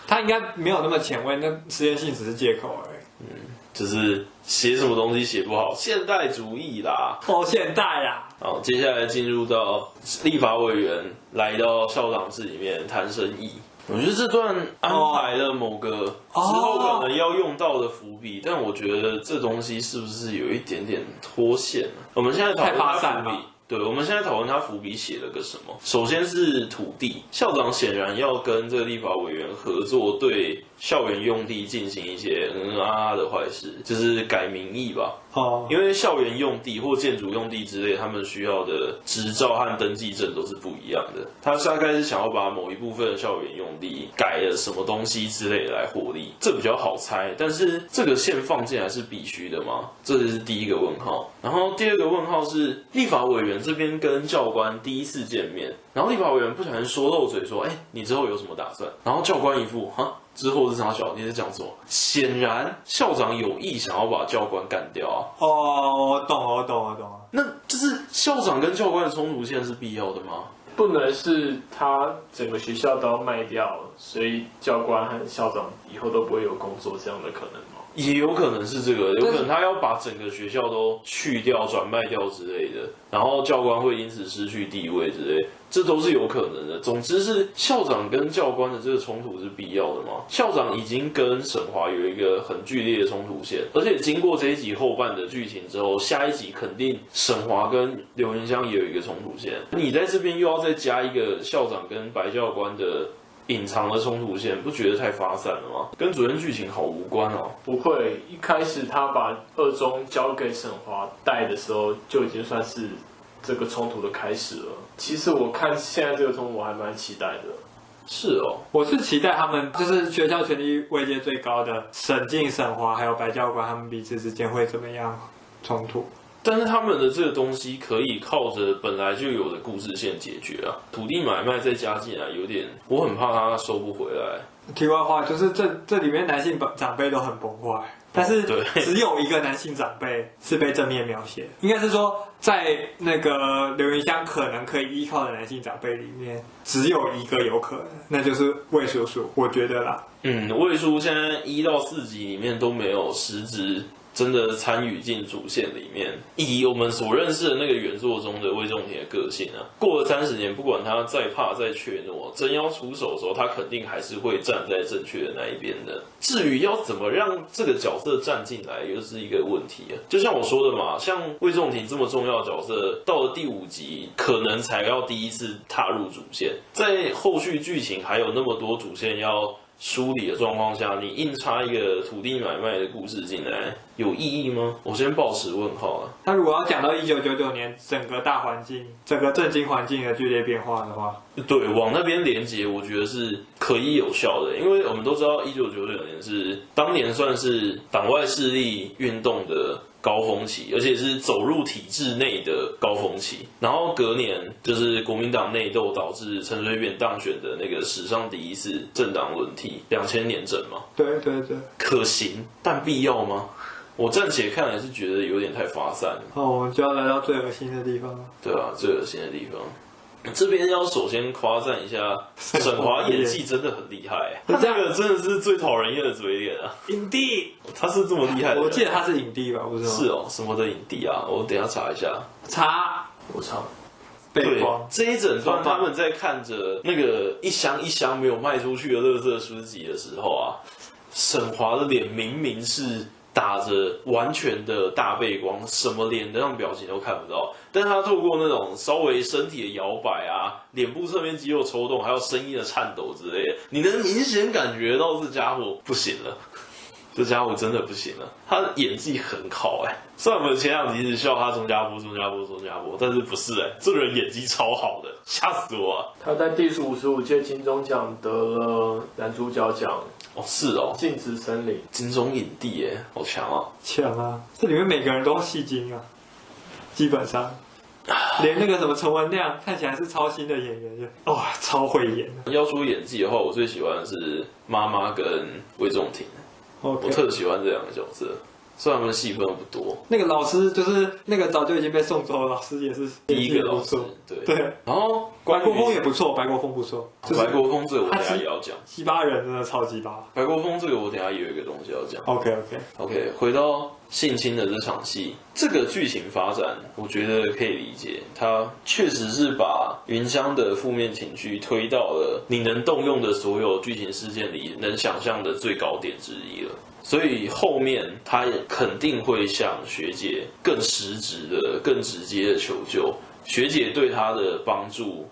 他應該沒有那麼前衛，那實驗性只是借口而已。嗯，就是寫什麼東西寫不好，現代主義啦，哦，現代啦。好，接下來進入到立法委員來到校長室裡面談生意。我覺得這段安排了某個之後可能要用到的伏筆，oh. 但我覺得這東西是不是有一點點脫線啊？我們現在討論他伏筆，對，我們現在討論他伏筆寫了個什麼？首先是土地，校長顯然要跟這個立法委員合作，對。校園用地進行一些嗯啊啊的壞事，就是改名義吧。因為校園用地或建築用地之類，他們需要的執照和登記證都是不一樣的。他大概是想要把某一部分的校園用地改了什麼東西之類來獲利，這比較好猜。但是這個線放進來是必須的嗎？這是第一個問號。然後第二個問號是立法委員這邊跟教官第一次見面，然後立法委員不小心說漏嘴說：“哎、欸，你之後有什麼打算？”然後教官一副哈。之後想想你是他小弟是講座，顯然校長有意想要把教官幹掉啊！哦，我懂，我懂，我懂啊！那就是校長跟教官的衝突線是必要的嗎？不能是他整個學校都要賣掉，所以教官和校長以後都不會有工作這樣的可能嗎？也有可能是這個，有可能他要把整個學校都去掉，轉賣掉之類的，然後教官會因此失去地位之類，這都是有可能的。總之是校長跟教官的這個衝突是必要的嘛？校長已經跟沈華有一個很劇烈的衝突線，而且經過這一集後半的劇情之後，下一集肯定沈華跟劉芸香也有一個衝突線。你在這邊又要再加一個校長跟白教官的。隱藏的衝突線不覺得太發散了嗎？跟主線劇情好無關哦。不會，一開始他把二中交給沈華帶的時候，就已經算是這個衝突的開始了。其實我看現在這個衝突我還蠻期待的。是哦，我是期待他們就是學校權力位階最高的沈靜沈華還有白教官他們彼此之間會怎麼樣衝突。但是他們的這個東西可以靠着本來就有的故事線解決啊，土地買賣再加進來有點，我很怕他收不回來。題外話就是這這裡面男性長輩都很崩壞，但是只有一個男性長輩是被正面描寫，應該是說在那個劉芸香可能可以依靠的男性長輩裡面，只有一個有可能，那就是魏叔叔。我覺得啦，嗯，魏叔現在一到四集裡面都沒有失職。真的參與進主線裡面，以我們所認識的那個原作中的魏仲廷的個性啊，過了三十年，不管他再怕再怯懦，真要出手的時候，他肯定還是會站在正確的那一邊的。至於要怎麼讓這個角色站進來，又是一個問題啊。就像我說的嘛，像魏仲廷這麼重要的角色，到了第五集可能才要第一次踏入主線，在後續劇情還有那麼多主線要梳理的狀況下，你硬插一個土地買賣的故事進來。有意義嗎？我先保持問號啊。那如果要講到一九九九年整個大環境、整個政經環境的劇烈變化的話，對往那邊連接，我覺得是可以有效的，因為我們都知道一九九九年是當年算是黨外勢力運動的高峰期，而且是走入體制內的高峰期。然後隔年就是國民黨內鬥導致陳水扁當選的那個史上第一次政黨輪替，兩千年整嘛。對對對，可行，但必要嗎？我暫且看來是覺得有點太發散了。好，我們就要來到最噁心的地方。對啊，最噁心的地方。這邊要首先誇讚一下 沈華演技真的很厲害、欸， 他這個真的是最討人厭的嘴臉啊。影帝，他是這麼厲害的？我記得他是影帝吧？不知道。是哦、喔，什麼的影帝啊？我等一下查一下。查，我查。背光，對，這一整段他們在看着那個一箱一箱沒有賣出去的垃圾書籍的時候啊，沈華的臉明明是。打着完全的大背光，什麼臉的樣表情都看不到。但他透過那種稍微身體的搖擺啊，臉部側面肌肉抽動，還有聲音的顫抖之類的，你能明顯感覺到這傢伙不行了。呵呵，這傢伙真的不行了，他演技很好哎、欸。雖然我們前兩集是笑他中加波中加波中加波，但是不是哎、欸，這個人演技超好的，嚇死我了、啊。他在第十五十五屆金鐘獎得了男主角獎。哦，是哦，禁止森林金鐘影帝耶，好強啊，強啊！這裡面每個人都是戲精啊，基本上， 連那個什麼陳文亮看起來是超新的演員，哇、哦，超會演。要說演技的話，我最喜歡的是媽媽跟魏仲廷，okay，我特喜歡這兩個角色，雖然他們戲份不多。那個老師就是那個早就已經被送走的老師，也是也第一個老師，對對，然後。白國鋒也不錯，白國鋒不錯，就是啊。白國鋒這個我等下也要講。七八人真的超級八。白國鋒這個我等下也有一個東西要講。OK OK OK。回到性侵的這場戲，這個劇情發展我覺得可以理解。他確實是把芸香的負面情緒推到了你能動用的所有劇情事件裡能想象的最高點之一了。所以後面他也肯定會向學姐更實質的，更直接的求救。學姐對他的幫助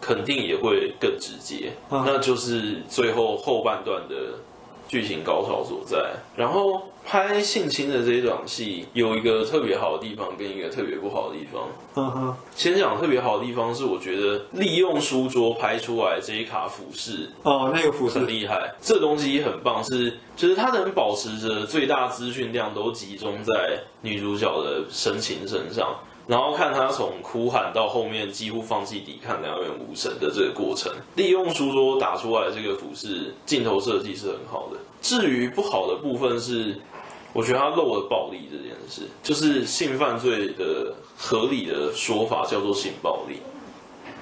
肯定也會更直接，uh -huh. 那就是最後後半段的劇情高潮所在。然後拍性侵的這一場戲，有一個特別好的地方，跟一個特別不好的地方。Uh -huh. 先講特別好的地方是，我覺得利用書桌拍出來這一卡俯視，哦，那個俯視很厲害，uh -huh. 這東西很棒，是就是它能保持着最大資訊量都集中在女主角的神情身上。然後看他從哭喊到後面幾乎放棄抵抗，兩眼無神的這個過程，利用書桌打出來這個俯視鏡頭設計是很好的。至於不好的部分是，我覺得他漏了暴力這件事，就是性犯罪的合理的說法叫做性暴力，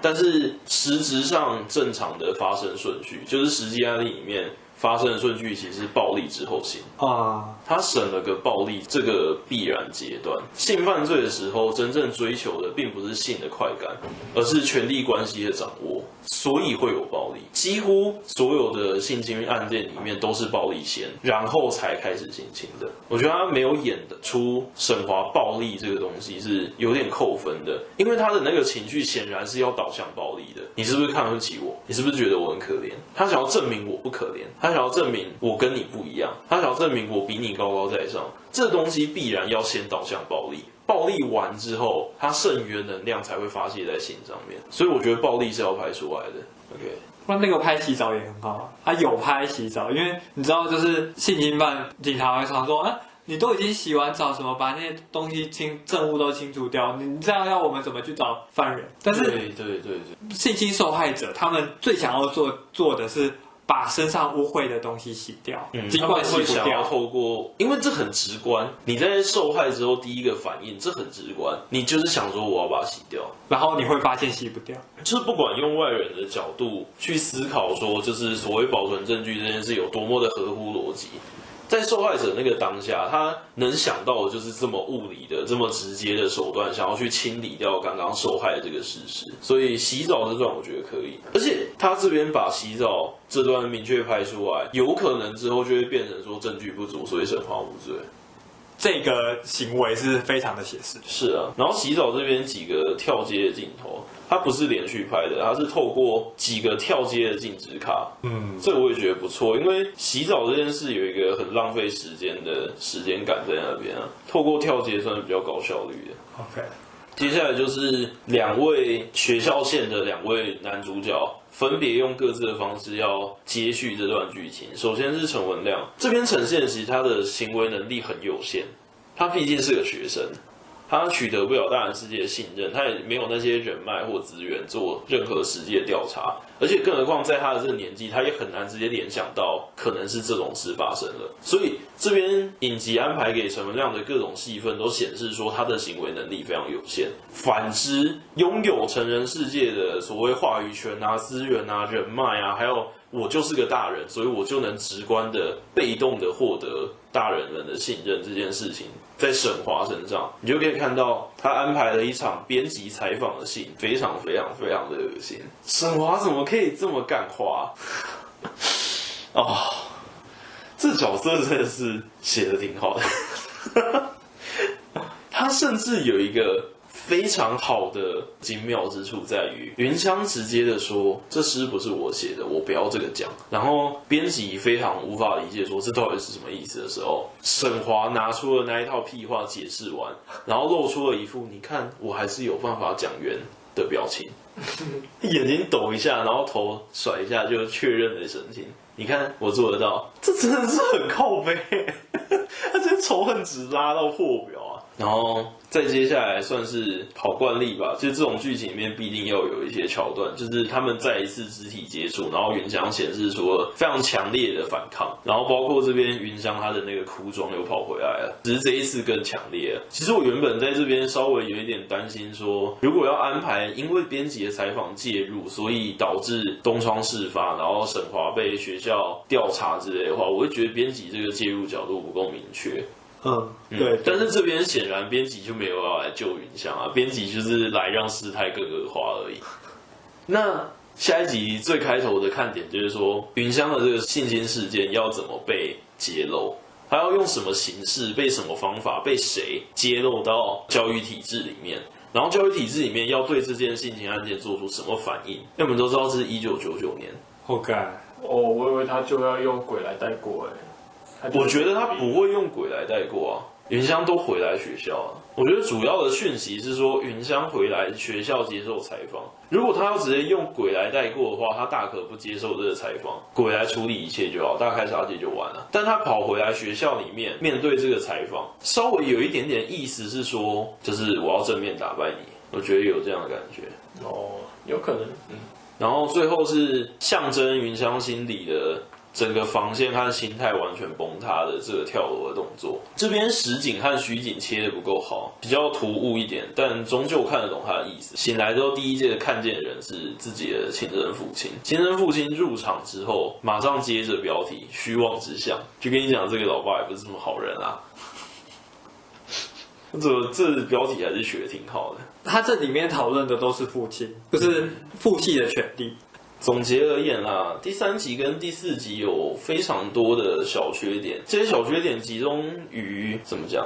但是實質上正常的發生順序就是實際案例裡面。發生的順序其實是暴力之後性啊，他省了個暴力這個必然階段。性犯罪的時候，真正追求的並不是性的快感，而是權力關係的掌握。所以會有暴力，幾乎所有的性侵案件裡面都是暴力先，然後才開始性侵的。我覺得他沒有演出沈華暴力這個東西是有點扣分的，因為他的那個情緒顯然是要導向暴力的。你是不是看不起我？你是不是覺得我很可憐？他想要證明我不可憐，他想要證明我跟你不一樣，他想要證明我比你高高在上。這東西必然要先導向暴力，暴力完之後，他剩餘的能量才會發洩在心上面。所以我覺得暴力是要拍出來的。OK，那那個拍洗澡也很好，他有拍洗澡，因為你知道，就是性侵犯警察會常說：“啊，你都已經洗完澡，什麼把那些東西清證物都清除掉，你這樣要我們怎麼去找犯人？”但是對對對對，性侵受害者他們最想要做做的是。把身上污穢的東西洗掉，儘管洗不掉。他們會想要透過，因為這很直觀。你在受害之後，第一個反應，這很直觀，你就是想說我要把它洗掉。然後你會發現洗不掉，就是不管用外人的角度去思考，說就是所謂保存證據這件事有多麼的合乎邏輯。在受害者那個當下，他能想到的就是這麼物理的、這麼直接的手段，想要去清理掉剛剛受害的這個事實。所以洗澡這段我覺得可以，而且他這邊把洗澡這段明確拍出來，有可能之後就會變成說證據不足，所以沈華無罪。這個行為是非常的寫實。是啊，然後洗澡這邊幾個跳接的鏡頭。它不是連續拍的，它是透過幾個跳接的靜止卡，嗯，這個我也覺得不錯，因為洗澡這件事有一個很浪費時間的時間感在那邊啊，透過跳接算是比較高效率的。OK，接下來就是兩位學校線的兩位男主角，分別用各自的方式要接續這段劇情。首先是陳文亮，這邊呈現，其實他的行為能力很有限，他畢竟是個學生。他取得不了大人世界的信任，他也沒有那些人脈或資源做任何實際的調查，而且更何況在他的這個年紀，他也很難直接聯想到可能是這種事發生了。所以這邊影集安排給陳文亮的各種戲份都顯示說他的行為能力非常有限。反之，擁有成人世界的所謂話語權啊、資源啊、人脈啊，還有。我就是個大人，所以我就能直觀的、被動的獲得大人們的信任。這件事情在沈華身上，你就可以看到他安排了一場編輯採訪的戲，非常、非常、非常的噁心。沈華怎麼可以這麼幹花？哦，這角色真的是寫得挺好的。他甚至有一個。非常好的精妙之處在於，芸香直接的說：“這詩不是我寫的，我不要這個獎。”然後編輯非常無法理解，說這到底是什麼意思的時候，沈華拿出了那一套屁話解釋完，然後露出了一副你看我還是有辦法講圓的表情， 眼睛抖一下，然後頭甩一下就確認的神情。你看我做得到，這真的是很靠北、欸，他 這仇恨值拉到破表啊！然後再接下來算是跑慣例吧，就這種劇情裡面必定要有一些橋段，就是他們再一次肢體接觸，然後芸香顯示出了非常強烈的反抗，然後包括這邊芸香他的那個哭妝又跑回來了，只是這一次更強烈了。其實我原本在這邊稍微有一點擔心說，如果要安排因為編輯的採訪介入，所以導致東窗事發，然後沈華被學校調查之類的話，我會覺得編輯這個介入角度不夠明確。嗯對，對，但是這邊顯然編輯就沒有要來救云香啊，編輯就是來讓事態更惡化而已。那下一集最開頭的看點就是說，云香的這個性侵事件要怎麼被揭露？他要用什麼形式？被什麼方法？被誰揭露到教育體制裡面？然後教育體制裡面要對這件性侵案件做出什麼反應？因為我們都知道，這是一九九九年。Oh God，哦，我以為他就要用鬼來帶過哎。我覺得他不會用鬼來帶過啊，芸香都回來學校啊。我覺得主要的訊息是說芸香回來學校接受採訪。如果他要直接用鬼來帶過的話，他大可不接受這個採訪，鬼來處理一切就好，大開殺戒就完了。但他跑回來學校裡面面對這個採訪，稍微有一點點意思是說，就是我要正面打敗你。我覺得有這樣的感覺哦，有可能。嗯，然後最後是象徵芸香心理的。整個防線和心態完全崩塌的這個跳樓的動作，這邊實景和虛景切得不夠好，比較突兀一點，但終究看得懂他的意思。醒來之後，第一屆的看見的人是自己的親生父親。親生父親入場之後，馬上接着標題“虛妄之相”，就跟你講，這個老爸也不是什麼好人啊。怎麼這標題還是學的挺好的？他這裡面討論的都是父親，就是父系的權利。總結而言啦，第三集跟第四集有非常多的小缺點，這些小缺點集中於怎麼講，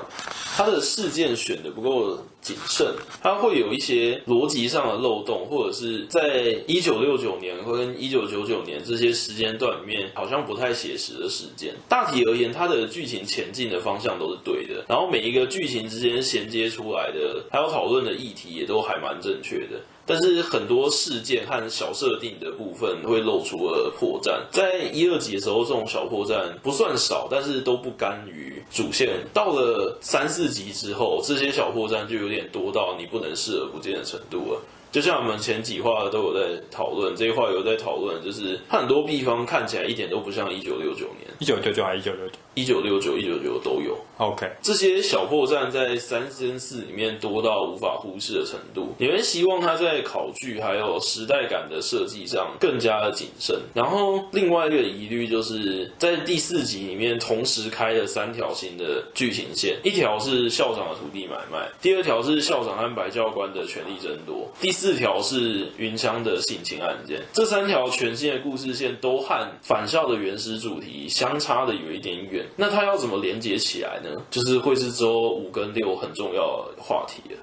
他的事件選的不夠謹慎，它會有一些邏輯上的漏洞，或者是在一九六九年或跟一九九九年這些時間段裡面好像不太寫實的事件。大體而言，它的劇情前進的方向都是對的，然後每一個劇情之間銜接出來的，還有討論的議題也都還蠻正確的。但是很多事件和小設定的部分會露出了破綻，在一二集的時候，這種小破綻不算少，但是都不干預主線。到了三四集之後，這些小破綻就有點多到你不能視而不見的程度了。就像我們前幾話都有在討論，這一話有在討論，就是很多地方看起來一點都不像一九六九年，一九九九還是？一九六九、一九六九、一九九都有。OK，這些小破綻在三跟四裡面多到無法忽視的程度。你們希望它在考據還有時代感的設計上更加的謹慎。然後，另外一個疑慮就是在第四集裡面同時開了三條新的劇情線：一條是校長的土地買賣，第二條是校長和白教官的權力爭奪，第。四條是雲槍的性侵案件，這三條全新的故事線都和返校的原始主題相差的有一點遠，那它要怎麼連接起來呢？就是會是周五跟六很重要的話題了。